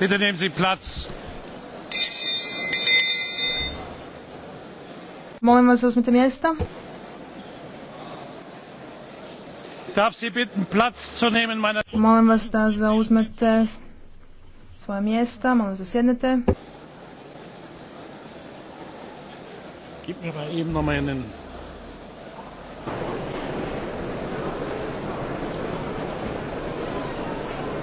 Bitte nehmen Sie Platz. Molim vas, uzmite mjesta. Darf Sie bitten, Platz zu nehmen, meine... Molim vas da zauzmete svoja mjesta, molim vas da sjednete. Gib mir mal eben noch mal einen